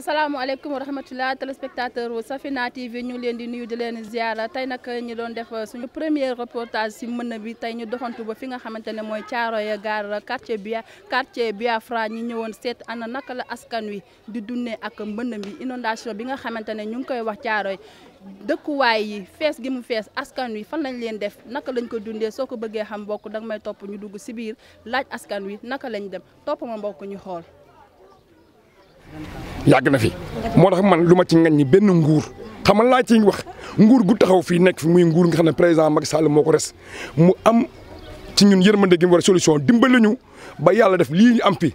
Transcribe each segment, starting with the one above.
asalaamaaleykum wa rahmatulah téléspectateur Safina TV ñu leen di nuyu di leen ziara tey nag ñu doon def uh, suñu premier reportage si mën bi tey ñu doxantu ba fi nga xamante ne mooy Thiaroye Gare quartier bi a Biafra ñu ñëwoon seet ana naka la askan wi di dundee ak mën bi inondation bi nga xamante ne ñu ngi koy wax Thiaroye dëkkuwaay yi fees gi mu fees askan wi fan lañ leen def naka lañ ko dundee soo ko bëggee xam mbokk danga may topp ñu dugg si biir laaj askan wi naka lañ dem topp ma mbokk xool. yàgg na fi moo tax man lu ma ci ngañ ñi benn nguur xamal ci ciy wax nguur gu taxaw fii nekk fi muy nguur nga xam ne président Macky Sall moo ko res mu am ci ñun yërmande gi mu war a solution dimbali ñu ba yàlla def lii ñu am fi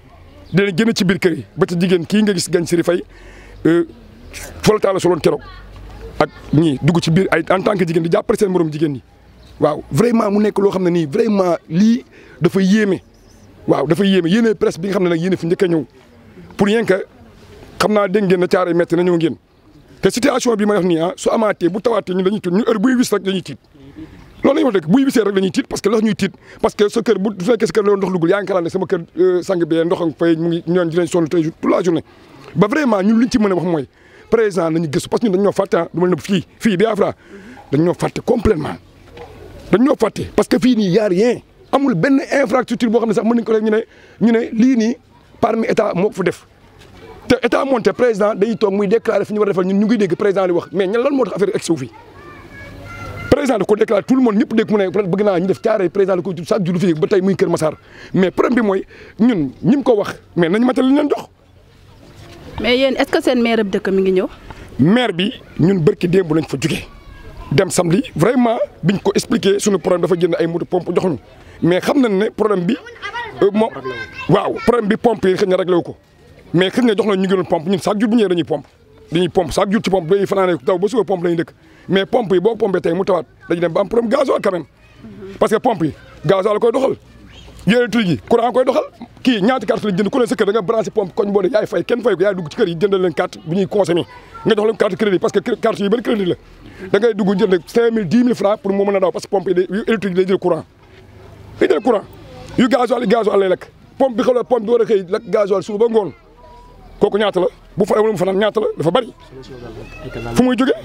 dinañ génn ci biir kër yi ba ci jigéen kii nga gis gañ siri fay euh, folataala soloon keroog ak ñii dugg ci biir ay en tant que jigéen di jàppale seen morom jigéen ñi waaw vraiment mu nekk loo xam ne nii vraiment lii dafa yéeme waaw dafa yéeme yéene presse bi nga xam ne nag yéene fi njëkk a ñëw pour rien que xam naa dégg geen na caare metti na ñëw ngeen te situation bi ma wax nii ah su amaatee bu tawaatee ñun dañuy tiit ñu heure buy wis rek dañuy tiit loolu la ñu wax dëgg buy wisee rek la tit parce que lox ñuy tit parce que ce cœur bu fekkee sa kër loolu ndox duggul yaa ngi xalaat ne sama cœur euh, sang bi ndox ak fay ñoon di lañ sonu sonn tey toute la journée ba vraiment ñun luñ ci mën wax moy président lañu gëstu parce que ñun dañ ñoo faté ah du ma fi fii fii Biafra dañ ñoo faté complètement dañ ñoo faté parce que fi ni ya rien amul ben infrastructure bo xamné sax mën nañ ko def ñu né ñu né li ni parmi état mo ko fa def té état monté président day tok muy déclarer fi ñu war défal ñun ñu ngi dégg président li wax mais ñan lan mo tax affaire egg fi président da ko déclaré tout le monde ñep dégg mu ne bëgg naa ñu def caare président da ko chaque jour fii ba tay muy Kër Massar mais problème bi moy ñun ñim ko wax mais nañu matal li leen jox. mais yeen est-ce que sen maire dëkk mi ngi ñëw. maire bi ñun barki dembu lañ fa juggé dem samedi vraiment biñ ko expliquer suñu problème dafa jënd ay moto pompe jox mais xam nañ né problème bi euh, waaw problème bi pompe yi xëy na réglé wu ko mais xëñ na jox nañ ñu gënal pompe ñun chaque jour bu ñëw dañuy pompe dañuy pompe chaque jour ci pompe dañuy fanaanee taw ba suu pompe lañuy dëkk mais pompe yi boo pompé tey mu tawat dañu dem ba am problème gasoil quand même parce que pompe yi gasoil koy doxal yéen tuy gi courant koy doxal ki ñaati carte la jënd ku leen sa kër da nga brancher pompe koñ boo yaay fay kenn fay ko yaay dugg ci kër yi jëndal leen carte bu ñuy consommer nga jox leen carte crédit parce que carte yi benn crédit la da ngay dugg jënd 5000 10000 francs pour mo mën daw parce que pompe yi électrique day jël courant day jël courant yu gasoil yi gasoil lay lekk pompe bi xol pompe bi wara a lak lekk gasoil suba ba ngoon kooku ñaata la bu fa amul fanaan ñaata la dafa bari fu muy jóge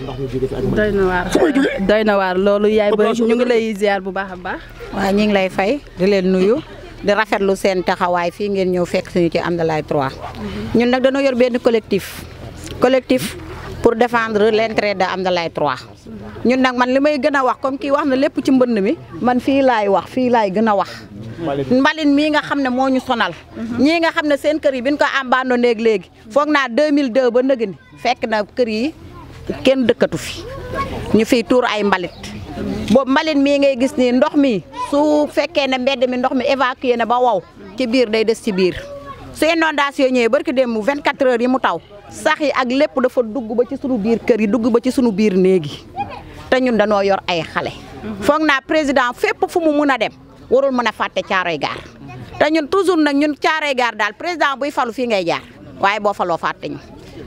doy na waar loolu yaay ba ñu ngi lay ziar bu baax a baax waaw ñu ngi lay fay di leen nuyu di rafetlu seen taxawaay fii ngeen ñëw fekk suñu ci Amdalaay 3 ñun nag dañoo yor benn collectif collectif pour défendre l'intérêt de Amdalaay 3 ñun nag man li may gën a wax comme kii wax na lépp ci mbënd mi man fii laay wax fii laay gën a wax mbalit mii nga xam ne moo ñu sonal mhm. ñii nga xam ne seen kër yi bi ñu ko àmbaandoo néeg léegi foog naa 2002 ba nëgë ni fekk na kër yi kenn dëkkatu fi ñu fiy tuur ay mbalit boobu mbalit mii ngay gis nii ndox mi su fekkee ne mbedd mi ndox mi évacué na ba wow ci biir day des ci biir su inondation ñëwee dem barki démb 24 heures yi mu taw sax yi ak lépp dafa dugg ba ci sunu biir kër yi dugg ba ci sunu biir néeg te ñun dañoo yor ay xale. Mhm. foog naa président fépp fu mu mun a dem. warul mën a fàtte caaroy gar te ñun toujours nag ñun caaroy gar daal président buy falu fii ngay jaar waaye boo faloo fàtte ñu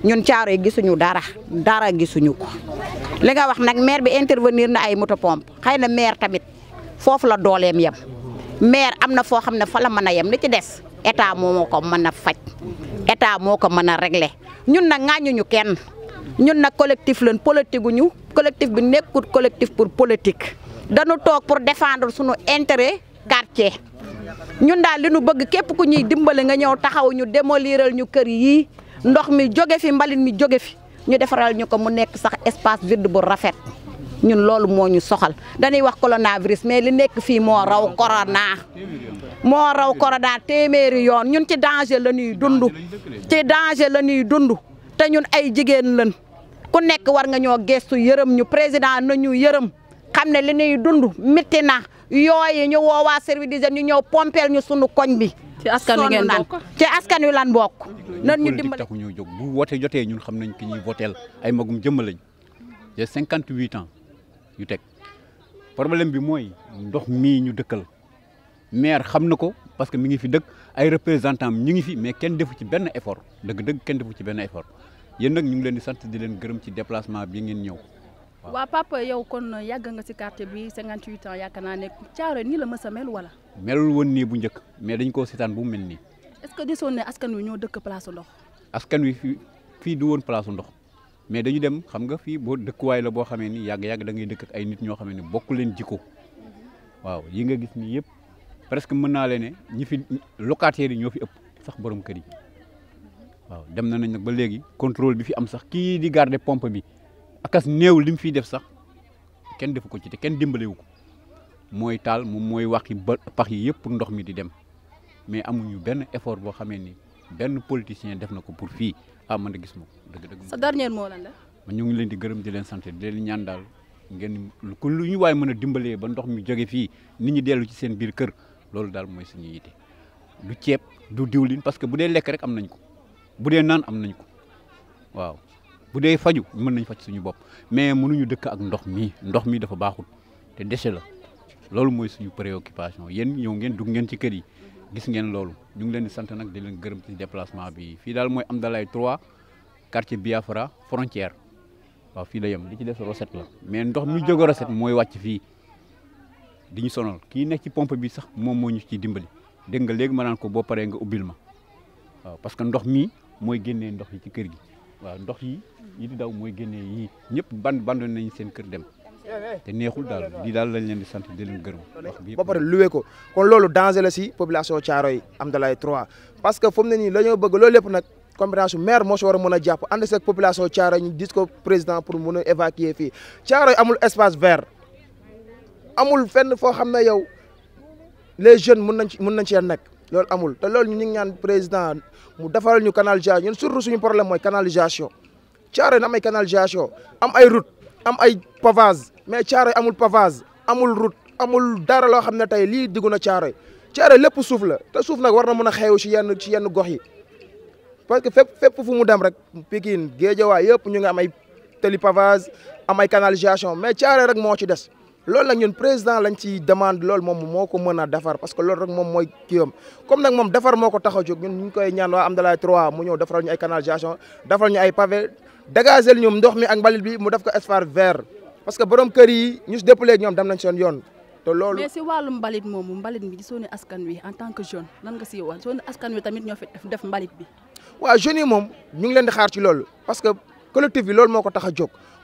ñun caaroy gisuñu dara dara gisuñu ko li nga wax nag maire bi intervenir na ay moto xëy na maire tamit foofu la dooleem yem maire am na foo xam ne fa la mën a yem li ci des état moo ko mën a faj état moo ko mën a régler ñun nag ŋaañuñu kenn ñun nag collectif lañ politique gu ñu collectif bi nekkul collectif pour politique dañu toog pour défendre suñu intérêt quartier ñun daal li nu bëgg képp ku ñuy dimbali nga ñëw taxaw ñu démoliral ñu kër yii ndox mi jóge fi mbalit mi jóge fi ñu defaral ñu ko mu nekk sax espace vide bu rafet ñun loolu moo ñu soxal dañuy wax coronavirus mais li nekk fii moo raw corona moo raw corona téeméeri yoon ñun ci danger la ñuy dundu ci danger la ñuy dund te ñun ay jigéen lañ ku nekk war nga ñoo gestu yërëm ñu président ñu yërëm xam ne li ñuy dund métti na yooyu ñu woo waa service d'hygiène ñu ñëw pompeel ñu sunu koñ bi. ci askan wi ngeen bokk ci askan wi lan bokk. nan ñu dimbali taxu ñoo jóg bu wote jotee ñun xam nañ ki ñuy voteel ay magum jëmm lañ j'ai cinquante huit ans yu teg problème bi mooy ndox mii ñu dëkkal maire xam na ko parce que mi ngi fi dëkk ay représentant ñu ngi fi mais kenn defu ci benn effort dëgg-dëgg kenn defu ci benn effort yéen nag ñu ngi leen di sant di leen gërëm ci déplacement bi ngeen ñëw. Wa papa yow kon yàgg nga ci quartier bi 58 ans yakana nek ne ni la mel wala. melul bu mais dañ ko seetaan bu est-ce que y askan wi ñoo dëkk place ndox. askan wi y du won place ndox mais dañu dem xam nga bo dëkk way la bo xamé ni da ngay dëkk ay nit ñoo ni bokku leen mhm. yi nga gis presque mën ñi fi locataires ñoo fi ëpp sax borom mhm. dem na nañ ba contrôle bi fi am sax ki di garder pompe bi. akas néew lim fi def sax kenn defu ko ci te kenn dimbalé ko moy tal moom moy wax yi pax yi yépp ndox mi di dem mais amuñu ben effort bo xamé ni ben politicien def na pour fi ah man gis ma deug deug sa dernier mot lan la ñu ngi leen di gëreum di leen santé di leen ñaan dal ngeen ku lu ñu way mëna dimbalé ba ndox mi joggé fi nit ñi ci seen biir kër loolu dal moy suñu yité du ciép du diwlin parce que bu dé lek rek am nañ ko bu dé nan am nañ ko waaw bu dee faju mën nañ faj suñu bop mais mënu ñu dëkk ak ndox mi ndox mi dafa baxul té déssé la loolu moy suñu préoccupation yeen ñëw ngeen dug ngeen ci kër yi gis ngeen loolu ñu ngi leen di sant nak di leen gërëm ci déplacement bi fii daal mooy Amdalaay 3 quartier Biafra frontière wa fi la yam li ci des recette la mais ndox mi jóge recette moy wacc fi di ñu sonal ki nekk ci pompe bi sax mom mo ñu ci dimbali dégg nga léegi ma nan ko bo paré nga ubil ma waaw parce que ndox mi moy génné ndox yi ci kër gi waaw ndox yi yi di daw mooy génnee yii ñëpp band bandoon nañ seen kër dem te neexul daal lii daal lañ leen di sant di leen gërëm ndox bi ba pare luwee ko kon loolu danger la si population Thiaroye Hamdalaye 3 parce que fu mu ne nii la ñoo bëgg loolu lépp nag compétence maire moo si war a mën a jàpp ànd si ak population Thiaroye ñu dis ko président pour mën a évacuer fii Thiaroye amul espace vert amul fenn foo xam ne yow les jeunes mun nañ ci mën nañ cee nekk loolu amul te loolu ñu ñaan président mu defaral ñu canalisation ñun surtout suñu problème mooy canalisation Thiaroye na am ay am ay route am ay pavage mais Thiaroye amul pavage amul route amul dara loo xam ne tey lii diggu na Thiaroye Thiaroye lépp suuf la te suuf nag war na mën a xeew ci yenn ci yenn gox yi parce que fépp fépp fu mu dem rek Pikine Guédiawaye yëpp ñu ngi am ay tali pavage am ay canalisation mais Thiaroye rek moo ci des loolu la ñun président lañ ci demande loolu mom moko mëna défar parce que loolu rek mom moy kiyom comme nak mom défar moko taxaw tax ñun ñu koy ñaan wa amdalay 3 mu ñew defaral ñu ay canalisation defaral ñu ay pavé dégager ñoom ndox mi ak mbalit bi mu def ko espace vert parce que borom kër yi ñu si déppale ñoom dem nañ seen yoon té loolu mais si walum balit moomu balit bi gisoo ne askan wi en tant que jeune lan nga siy wax soo askan wi tamit ñoo fi def balit bi wa jeune mom ñu ngi leen di xaar ci loolu parce que collectif bi loolu moo ko tax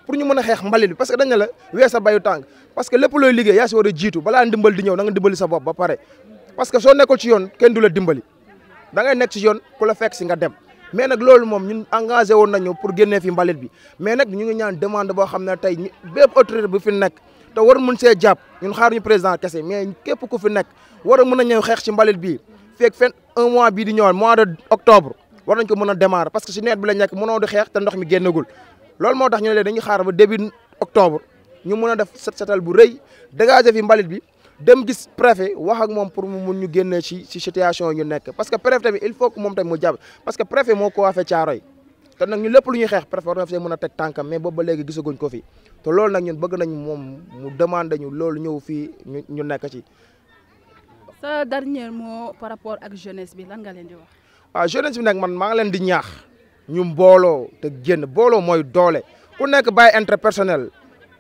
pour ñu mën a xeex mbalit bi parce que dañ ne la weesa bayu tàng parce que lépp looy liggéey yaa si war a jiitu balaa ndimbal di ñëw da nga dimbali sa parce que soo nekkul ci yoon kenn du la dimbali da ngay nekk ci yoon ku la fekk si nga dem mais nag loolu moom ñun engagé woon nañu pour génnee fi mbalit bi mais nag ñu ngi ñaan demande boo xam ne tey bépp autorité bu fi nekk te war mun see jàpp ñun xaar ñu président kese mais képp ku fi nekk war mën a ñëw xeex ci mbalit bii feeg fen un bii di ñëwaat mois de war nañ ko a démarrer parce que si bi la nekk mënoo di xeex te ndox mi génnagul loolu moo tax ñu ne dañuy xaar ba début octobre ñu mun a def set setal bu rëy dégager fi mbalit bi dem gis préfet wax ak moom pour mu mun ñu génne ci si situation ñu nekk parce que préfet tamit il faut que moom tamit mu jàpp parce que préfet moo ko waafee Caaroy te nag ñu lépp lu ñuy xeex préfet war na fi a teg tànkam mais boobu ba léegi ko fi te loolu nag ñun bëgg nañ moom mu demande ñu loolu ñëw fii ñu ñu nekk ci. sa dernier mot par rapport ak jeunesse bi lan nga leen di wax. waaw ah, jeunesse bi nag man maa leen di ñaax. ñu bolo, te génn bolo, moy doole ku nekk bàyyi interpersonnel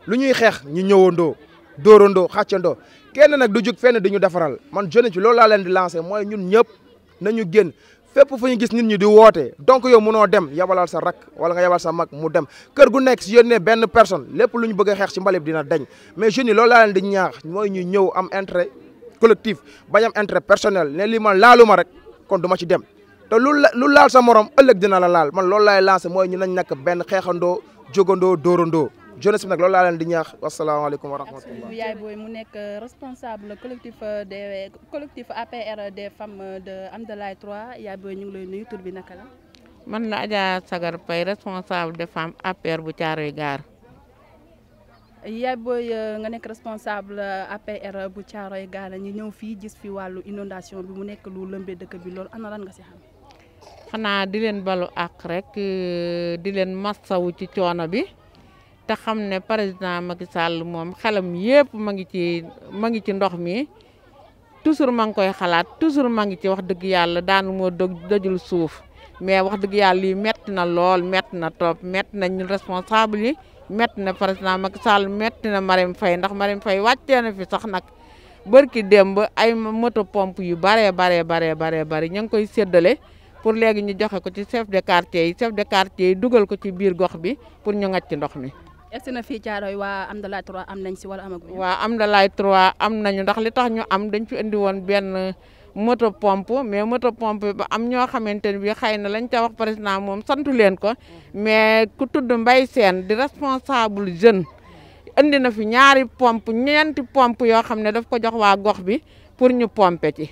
lu ñuy ñu ñëwondo dorondo nous kenn nak du juk fenn di ñu man jeune ci loolu la leen di lancer ñun ñëpp nañu gis nit ñi di donc yow dem yabalal sa rak wala nga yabal sa mu dem kër gu personne bëgg ci mais loolu leen di ñaax ñu ñëw collectif bañ am intérêt personnel né li man rek kon te lu lu laal sa morom ëllëg dina la laal man loolu laay lancé mooy ñu nañ nekk benn xeexandoo jógandoo dóorandoo jeunesse bi nag loolu laa leen di ñaax wasalaamaaleykum wa rahmatulah. yaay booy mu nekk euh, responsable collectif euh, euh, collectif APR des femmes de Amdalaay 3 yaay ñu ngi lay nuyu tur bi naka la. man la Adja Sagar Pay responsable de femmes APR bu Caaroy Gaar. yaay booy nga nekk responsable APR bu Caaroy Gaar ñu ñëw fii gis fi wàllu inondation bi mu nekk lu lëmbee dëkk bi loolu ana ran nga si xanaa di leen balu àq rek euh, di leen massawu ci coono bi te xam ne président Macky Sall moom xelam yépp ma ngi ci ma ngi ci ndox mi toujours ma ngi koy xalaat toujours ma ngi ci wax dëgg yàlla daanu moo dojul suuf mais wax dëgg yàlla yi metti na lool metti na trop metti na ñun responsable yi metti na président Macky Sall metti na Marème Faye ndax Marème Faye wàccee na fi sax nag bërki démb ay moto pomp yu baree baree baree baree bari ña ngi koy séddale pour léegi ñu joxe ko ci chef de quartier yi chef de quartier yi dugal ko ci biir gox bi pour ñu ngacc ci ndox mi. est na fii yi waa Amdalaay 3 am nañ si wala amaguñu. waaw Amdalaay 3 am nañu ndax li tax ñu am dañ fi indi woon benn moto pompe mais moto pompe ba am ñoo xamante ne bii xëy na lañ ca wax président moom santu leen ko mais ku tudd Mbay Seen di responsable jeune. indi na fi ñaari pompe ñeenti pompe yoo xam ne daf ko jox waa gox bi pour ñu pompe ci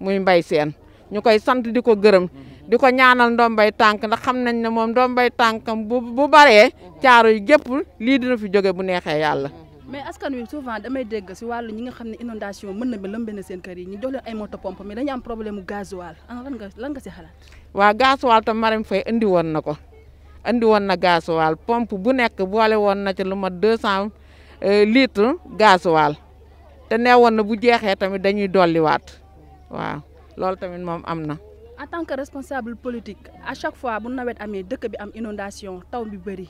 muy Mbay Seen. ñu koy sant di ko gërëm mm-hmm. di ko ñaanal ndombay tànk ndax xam nañ ne moom ndombay tànkam bu bu baree mm-hmm. caaro yi gépp lii dina fi jóge bu neexee yàlla mm-hmm. mais askan wi souvent damay dégg si wàllu ñi nga xam ne inondation mën na ba lëmbe na seen kër yi ñu jox leen ay moto pompe mais dañu am problème gasoil ah lan nga lan nga si xalaat waaw gasoil tam Marème Faye indi woon na ko indi woon na gasoil pomp bu nekk boole woon na ci lu mat deux cent euh, litres gasoil te nee woon na bu jeexee tamit dañuy dolliwaat waaw lol tamit mom amna en tant que responsable politique à chaque fois bu nawet amé deuk bi am inondation taw bi beuri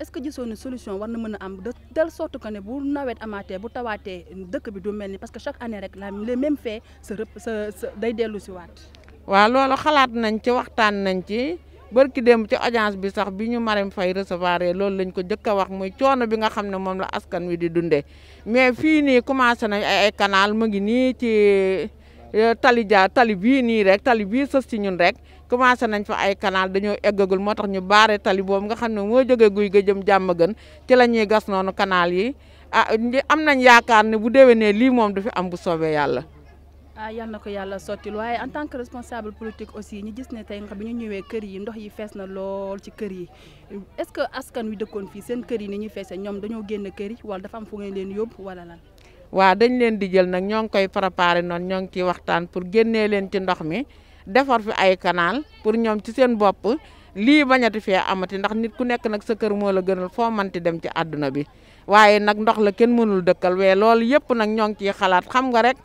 est-ce que gisoon solution war na meuna am de telle sorte que bu nawet amaté bu tawaté deuk bi du melni parce que chaque année rek la les mêmes faits se sa sa day dellu si waat. waaw loolu xalaat nañ ci waxtan nañ ci barki dem ci audience bi sax biñu marim fay Faye recevoir loolu lañ ko jëkk wax muy coono bi nga xam mom la askan wi di dundé mais fi ni commencé nañ ay ay canal mo ngi ni ci. Euh, tali jaar tali bii nii rek tali bii sës ci ñun rek commencé nañ fa ay kanaal dañoo eggagul moo tax ñu baare tali boobu nga xam ne moo jóge guy ga jëm jàmm gën ci la ñuy gas noonu kanaal yi ah am nañ yaakaar ne bu ne lii moom du am bu soobee yàlla. ah yal na ko yàlla sottil waaye en tant que responsable politique aussi ñu gis ne tey nga bi ñu ñëwee kër yi ndox yi fees na lool ci kër yi est-ce que askan wi dëkkoon fii seen kër yi ni ñuy feesee ñoom dañoo génn kër yi wala dafa fu ngeen leen yóbbu wala lan. waa dañ leen di jël nag ñoo ngi koy préparé noonu ñoo ngi ciy waxtaan pour génnee leen ci ndox mi defar fi ay canal pour ñoom ci seen bopp lii bañati fee amati ndax nit ku nekk nag sa kër moo la gënal foo manti dem ci àdduna bi waaye nag ndox la kenn mënul dëkkal wee loolu yëpp nag ñoo ngi ciy xalaat xam nga rek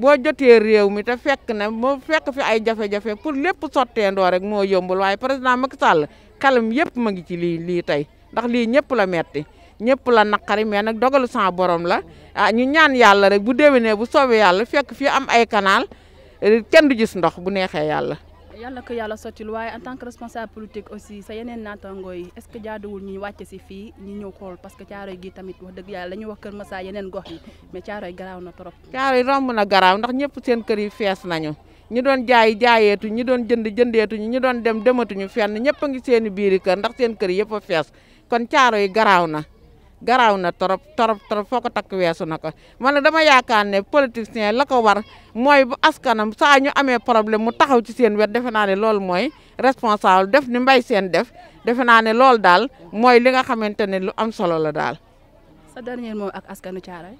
boo jotee réew mi te fekk ne moo fekk fi ay jafe-jafe pour lépp sotteendoo rek moo yombul waaye président Macky Sall xelam yëpp ma ngi ci lii lii tey ndax lii ñëpp la metti ñepp la nakari mais nak dogalu sama borom la ah ñu ñaan yalla rek bu déwénee bu soobe yalla fekk fi am ay canal kenn du gis ndox bu nexé yalla yalla ko yalla sotil way en tant que responsable politique aussi sa yenen naataangoo yi est ce que jaaduwul ñu wacc ci fi ñu ñëw xool parce que caaroy gi tamit wax deug yalla lañu wax keur Massa yenen gox yi mais caaroy graw na trop. caaroy romb na graw ndax ñepp seen keur yi fess nañu ñu doon jaay jaayetu ñu doon jënd jëndetu ñu doon dem ñu fenn ñepp ngi seen biir keur ndax seen kër yëpp a fees kon caaroy graw na garaaw na torop torop torop foo ko takk weesu na ko man dama yaakaar ne politicien la ko war mooy bu askanam saa ñu amee problème mu taxaw ci seen wet defe naa ne loolu mooy responsable def ni mbay seen def defe naa ne lool daal mooy li nga xamante ne lu am solo la daal. sa dernier mot ak askanu Caaroy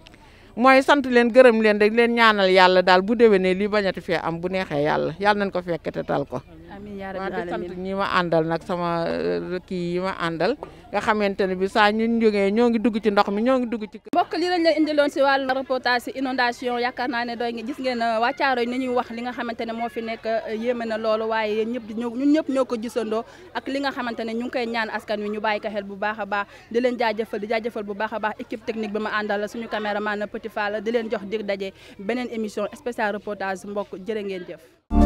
mooy santu leen gërëm leen rek leen ñaanal yàlla daal bu déwénee lii bañati fee am bu neexee yàlla yàlla nañ ko fekkete tal ko. amiin yaa rabbi di sant ñi ma àndal nag sama euh, kii yi ma àndal nga xamante ne bi saa ñun ñoo ngi dugg ci ndox mi ñoo ngi dugg ci mbokk li lañ leen indiloon si wàllu reportage si inondation yaakaar naa ne doy nga gis ngeen euh, wàccaaroy ni ñuy wax li nga xamante ne moo fi nekk euh, yéeme na loolu waaye yéen ñëpp ñun ñëpp ñoo ko gisandoo ak li nga xamante ne ñu ngi koy ñaan askan wi ñu bàyyi ko xel bu baax baax di leen jaajëfal di jaajëfal bu baax a baax équipe technique bi ma àndal suñu caméraman Petit Fall di leen jox dig daje beneen émission spéciale reportage mbokk jërë ngeen jëf